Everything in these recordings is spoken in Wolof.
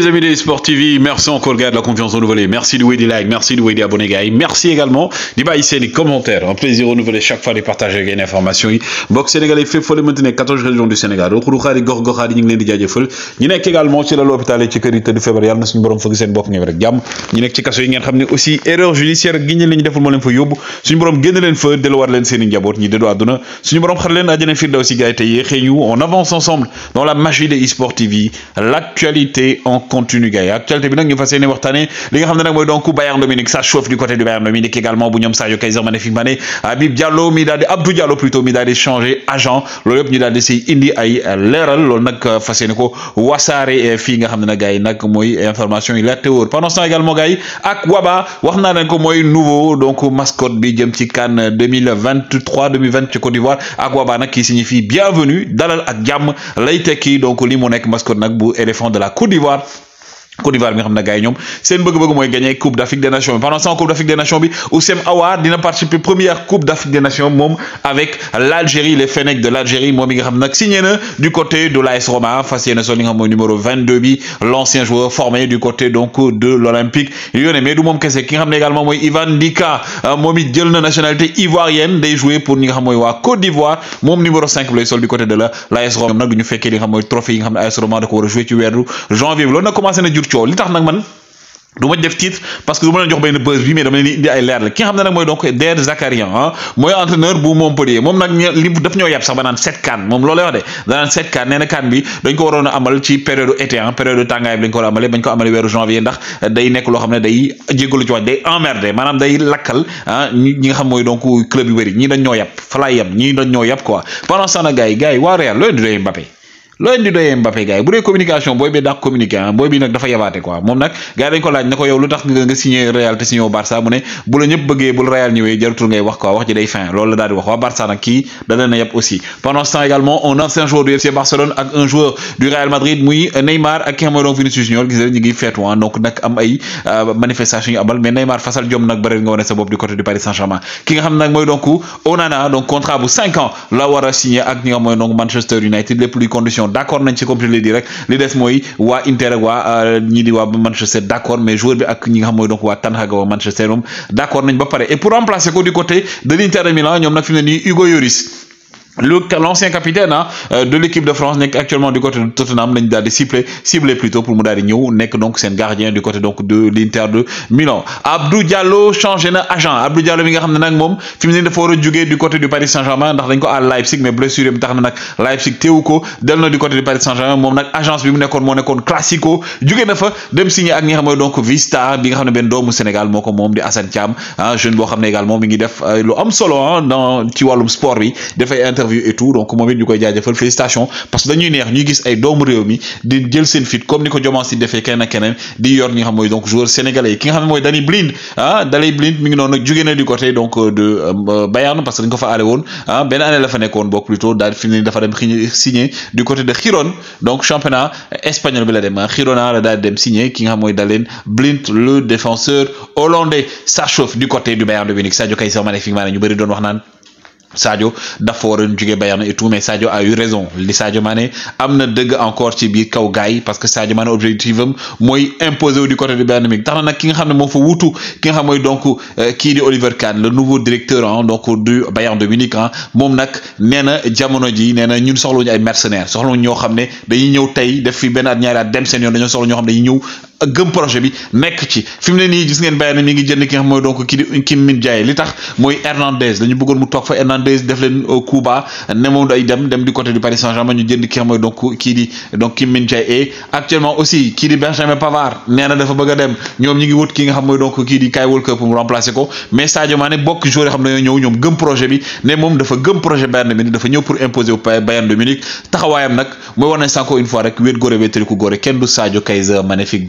Les amis de Sport TV, merci encore de la confiance renouvelée, merci de des likes, merci de des abonnés gars, merci également de les commentaires, un plaisir renouvelé chaque fois de partager les informations. Bok Sénégalais fait les maintenant 14 régions du Sénégal, également l'hôpital ci on ensemble dans la magie continue gars actualité bi nak ñu fas yéene li nga xam nak moy donc Bayern Dominique ça chauffe du côté du Bayern Dominique également bu ñoom Sadio Kaiser magnifique Mané Habib Diallo mi daal Abdou Diallo plutôt mi daal changer agent loolu yëpp ñu ci indi ay leeral lool nak euh, fas ko wasare euh, fi nga xam ne yi information yi la théorie pendant ce temps également gay ak Waba waxna naa ko moy nouveau donc mascotte bi jëm ci CAN 2023 2020 ci Côte d'Ivoire ak Waba qui signifie bienvenue dalal ak Jam lay Teki donc li mu nek mascotte nak bu éléphant de la Côte d'Ivoire Côte d'Ivoire bi nga xam ne gars seen bëgg-bëgg moy gagner coupe d'Afrique des nations pendant ce coupe d'Afrique des nations bi Oussem Aouar dina participer première coupe d'Afrique des nations mom avec l'Algérie les Fennecs de l'Algérie moom mi nga xam signé na du côté de l'AS Roma face à sol nga xam numéro 22 bi l'ancien joueur formé du côté donc de l'Olympique Lyonnais mais du moom kese ki nga xam ne également moy Ivan Dika euh, moom it jël na nationalité ivoirienne day jouer pour ñi nga xam moy wa Côte d'Ivoire mom numéro 5 lay sol du côté de la l'AS Roma nak du ñu fekkee li nga xam moy trophée yi nga xam AS Roma da ko war jouer ci weeru janvier bi loolu commencé na coow li tax nag man du ma def titre parce que du ma leen jox benn buzz bi mais dama leen indi ay leer ki nga xam ne nag mooy donc Der Zakarian ah, mooy entraîneur bu Montpellier moom nag daf ñoo yàpp a ah, a amale bañ ko amale day nekk loo xam ne day jégalu ci wax day emmerdé maanaam day lakkal ah, ñi nga xam mooy donc club yu bëri ñii dañ ñoo yàpp fa laay ñii dañ ñoo yàpp quoi pendant ce temps nag gars waa Real loolu di doy loo leen di doyee Mbappé gars yi bu dee communication boy bi dàq communiqué ah booy bi nag dafa yabaate quoi moom nag gars yi dañ ko laaj ne ko yow lu tax nga signé Real te signé Barça mu ne bu la ñëpp bëggee bul Real ñëwee jarutul ngay wax quoi wax ji day fin loolu la daal di wax waa Barça nag kii da leen a yab aussi pendant ce temps également un ancien joueur du FC Barcelone ak un joueur du Real Madrid muy Neymar ak ki Vinicius Junior gis ñu ngi feetu ah donc nag am ay euh, manifestation yu abal mais Neymar fasal jom nag bëri nga wane sa bopp du côté du Paris Saint-Germain ki nga xam ne nag mooy donc Onana donc contrat bu 5 ans la war a signé ak ñi nga mooy donc Manchester United les plus conditions d' accord nañ ci comme je l'ai dit rek li des mooy waa Inter ak waa euh, ñii di waa Manchester d' mais joueur bi ak ñi nga xam mooy donc waa Ten Hag waa Manchester moom d' accord nañ ba pare et pour remplacer ko du côté de l'Inter de Milan ñoom nag fi ne nii Hugo Lloris. l'ancien capitaine ah de l'équipe de France nekk actuellement du côté de Tottenham lañu daal di ciblé ciblé plutôt pour mu daal di ñëw nekk donc seen gardien du côté donc de l'Inter de Milan Abdou Diallo changé na agent Abdou Diallo mi nga xam nak mom fimné fi mu ne du côté du Paris Saint-Germain ndax dañ ko à Leipzig mais blessure bi tax nak Leipzig téwuko del na du côté du Paris Saint-Germain mom nak agence bi mu nekkoon mo nekkoon classico jugee na fa dem signé ak ñi nga xam donc Vista bi nga xamné ben doomu Sénégal moko mom di Assane Thiam hein jeune bo xamné ne également mi ngi def euh, lu am solo ah dans ci walum sport bi dafay interview et tout donc moom it ñu koy jaajëfal félicitation parce que dañuy neex ñuy gis ay doomu réew mi di jël seen fit comme ni ko Jomaas si defee keneen ak keneen di yor ñi nga xam mooy donc joueur sénégalais yi ki nga xam ne mooy Danny Blind ah Danny Blind mi ngi noonu nag jugee na du côté donc euh, de euh, euh, Bayern parce que dañ ko fa aale woon ah benn année la fa nekkoon boog plutôt daal fi dafa dem signé du côté de Giron donc championnat espagnol bi la dem ah, Girona la daal dem signé ki nga xam mooy Danny Blind le défenseur hollandais ça chauffe du côté du Bayern de Munich Sadio Kay sax magnifiquement ne ñu bëri doon wax naan Sadio dafa waroon et tout mais Sadio a eu raison Les Sadio Mané am encore ci biir parce que Sadio Mané objectif imposé du côté de Bayern tax na ki nga xam Oliver Kahn le nouveau directeur ah donc du Bayern de Munich ah moom nag nee jamono ji nee ñun ay mercenaires ñoo xam ne dañuy ñëw tey def fi benn at ñaari at dem ak gëm projet bi nekk ci fi ne nii gis ngeen Bayern mi ngi jënd ki nga xam mooy donc kii di Kim Min-jae li tax mooy Hernandez dañu bëggoon euh, dem dem du côté du Paris Saint-Germain ñu jënd ki nga kii di donc Kim Min-jae et actuellement aussi dafa bëgg ñoom ñi ngi ki nga xam mooy donc kii di Kyle Walker pour mu remplacer ko mais Sadio projet bi moom dafa gëm projet Bayern de Munich dafa ñëw pour une fois rek wéet kenn du Sadio Kaiser magnifique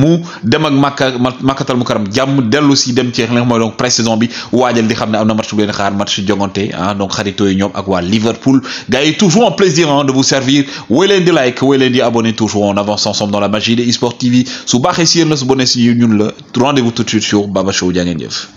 mu dem ak Makka mukaram Mukarram jàmm dellu dem ci donc pré-saison bi waajal di xam Amna match bu len xaar match jogonté hein ah, donc xaritoo yi ak wa Liverpool Gay toujours un plaisir hein, de vous servir woy len di like woy len di abonner toujours on avance ensemble dans la magie de eSport TV su baxé si na su bonee si ñun la rendez-vous tout de suite sur Baba Show jaa